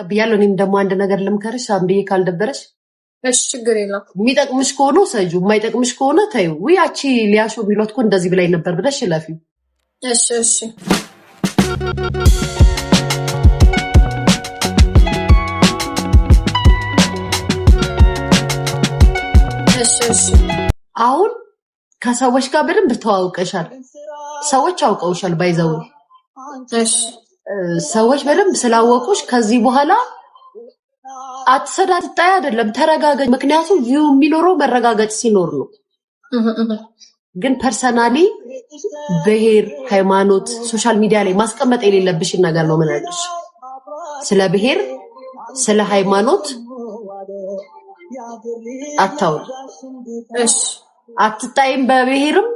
ቀብያለሁ። እኔም ደግሞ አንድ ነገር ልምከርሽ አንብዬ ካልደበረሽ እሺ፣ ችግር የለም። የሚጠቅምሽ ከሆነ ሰጁ፣ የማይጠቅምሽ ከሆነ ተዩ። ያቺ ሊያሾ ቢሏት እኮ እንደዚህ ብላኝ ነበር ብለሽ ለፊ። እሺ፣ እሺ። አሁን ከሰዎች ጋር በደንብ ተዋውቀሻል። ሰዎች አውቀውሻል። ባይዘው ሰዎች በደንብ ስላወቁሽ ከዚህ በኋላ አትሰዳድጣይ አይደለም፣ ተረጋገጭ። ምክንያቱም ቪው የሚኖረው መረጋገጥ ሲኖር ነው። ግን ፐርሰናሊ ብሔር፣ ሃይማኖት ሶሻል ሚዲያ ላይ ማስቀመጥ የሌለብሽን ነገር ነው ምናለሽ። ስለ ብሔር፣ ስለ ሃይማኖት አታውል። አትጣይም። በብሔርም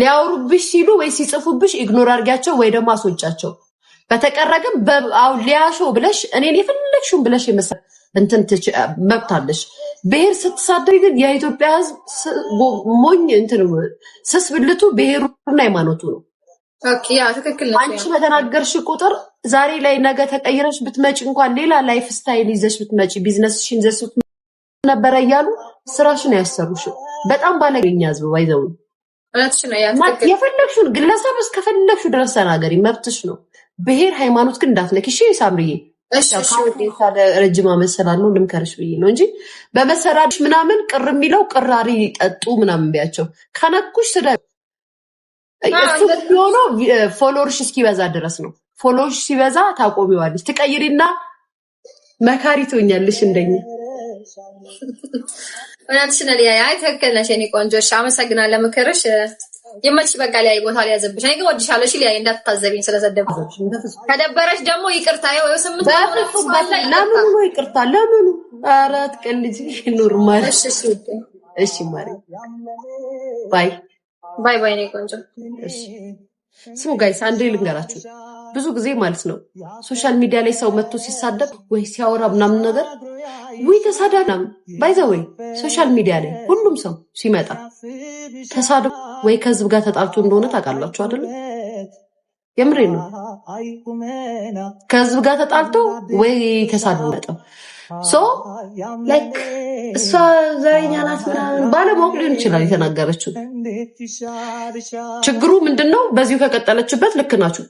ሊያወሩብሽ ሲሉ ወይ ሲጽፉብሽ ኢግኖር አድርጊያቸው ወይ ደግሞ አስወጫቸው። በተቀረ ግን ሊያሾ ብለሽ እኔን የፈለግሽውን ብለሽ እንትን መብት መብታለሽ። ብሔር ስትሳደቢ ግን የኢትዮጵያ ሕዝብ ሞኝ እንትን ስስ ብልቱ ብሔሩና ሃይማኖቱ ነው። አንቺ በተናገርሽ ቁጥር ዛሬ ላይ ነገ ተቀይረሽ ብትመጪ እንኳን ሌላ ላይፍ ስታይል ይዘሽ ብትመጪ ቢዝነስሽን ይዘሽ ነበረ እያሉ ስራሽን ያሰሩሽ በጣም ባለገኛ ሕዝብ ባይዘው የፈለግሽውን ግለሰብ እስከፈለግሽው ድረስ ተናገሪ፣ መብትሽ ነው። ብሄር ሃይማኖት ግን እንዳትነኪ እሺ ሳምሪዬ ረጅም ዓመት ነው ልምከርሽ ብዬ ነው እንጂ በመሰራድሽ ምናምን ቅር የሚለው ቅራሪ ጠጡ ምናምን ቢያቸው ከነኩሽ ስደ እሱ የሚሆነው ፎሎርሽ እስኪበዛ ድረስ ነው። ፎሎርሽ ሲበዛ ታቆሚዋለች። ትቀይሪና መካሪ ትሆኛለሽ። እንደኝ እውነትሽን። አይ ትክክል ነሽ የእኔ ቆንጆ። አመሰግናለሁ ምክርሽ። የመች በቃ ላይ ቦታ ላይ ያዘብሽ። እኔ ግን ወድሻለሁ። እሺ ላይ እንዳትታዘቢኝ ስለሰደብኩሽ። ከደበረሽ ደግሞ ይቅርታ። ይኸው ስምንት ለምኑ ነው ይቅርታ፣ ለምኑ አራት ቀን ልጅ ኖርማል። እሺ ማሪ ባይ ባይ ባይ። ቆንጆ ስሙ ጋይስ፣ አንዴ ልንገራችሁ። ብዙ ጊዜ ማለት ነው ሶሻል ሚዲያ ላይ ሰው መጥቶ ሲሳደብ ወይ ሲያወራ ምናምን ነገር ወይ ተሳዳናም ባይዘ ወይ ሶሻል ሚዲያ ላይ ሁሉም ሰው ሲመጣ ተሳድቦ ወይ ከህዝብ ጋር ተጣልቶ እንደሆነ ታውቃላችሁ አይደለ? የምሬ ነው። ከህዝብ ጋር ተጣልቶ ወይ ተሳድመጠ ሶ ላይክ እሷ ዘረኛ ናት ምናምን ባለማወቅ ሊሆን ይችላል የተናገረችው። ችግሩ ምንድን ነው? በዚሁ ከቀጠለችበት ልክ ናችሁ።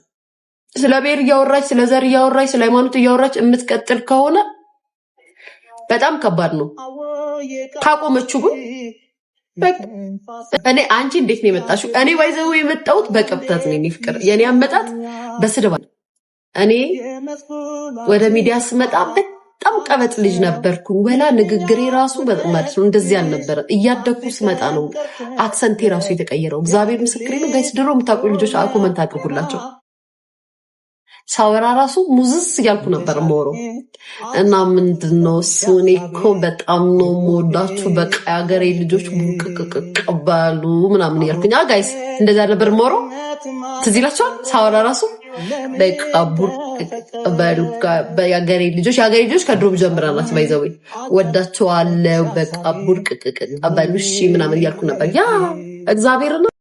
ስለ ብሔር እያወራች ስለ ዘር እያወራች ስለ ሃይማኖት እያወራች የምትቀጥል ከሆነ በጣም ከባድ ነው። ካቆመችው ግን እኔ አንቺ እንዴት ነው የመጣሽው? እኔ ባይዘው የመጣሁት በቅብጠት ነው። ፍቅር የእኔ አመጣት በስድባ እኔ ወደ ሚዲያ ስመጣ በጣም ቀበጥ ልጅ ነበርኩ። ወላ ንግግሬ ራሱ ማለት ነው እንደዚህ አልነበረ። እያደግኩ ስመጣ ነው አክሰንቴ ራሱ የተቀየረው። እግዚአብሔር ምስክሬ ነው። ጋይስ ድሮ የምታውቁ ልጆች ኮመንት አቅርቡላቸው። ሳወራ ራሱ ሙዝዝ እያልኩ ነበር የማወራው እና ምንድን ነው እሱ እኔ እኮ በጣም ነው የምወዳችሁ በቃ የሀገሬ ልጆች ቅቅቅቅበሉ ምናምን እያልኩኝ ጋይስ እንደዚያ ነበር ትዝ ሳወራ ራሱ የሀገሬ ልጆች የሀገሬ ልጆች ከድሮም በቃ እሺ ምናምን እያልኩ ነበር ያ እግዚአብሔር ነው።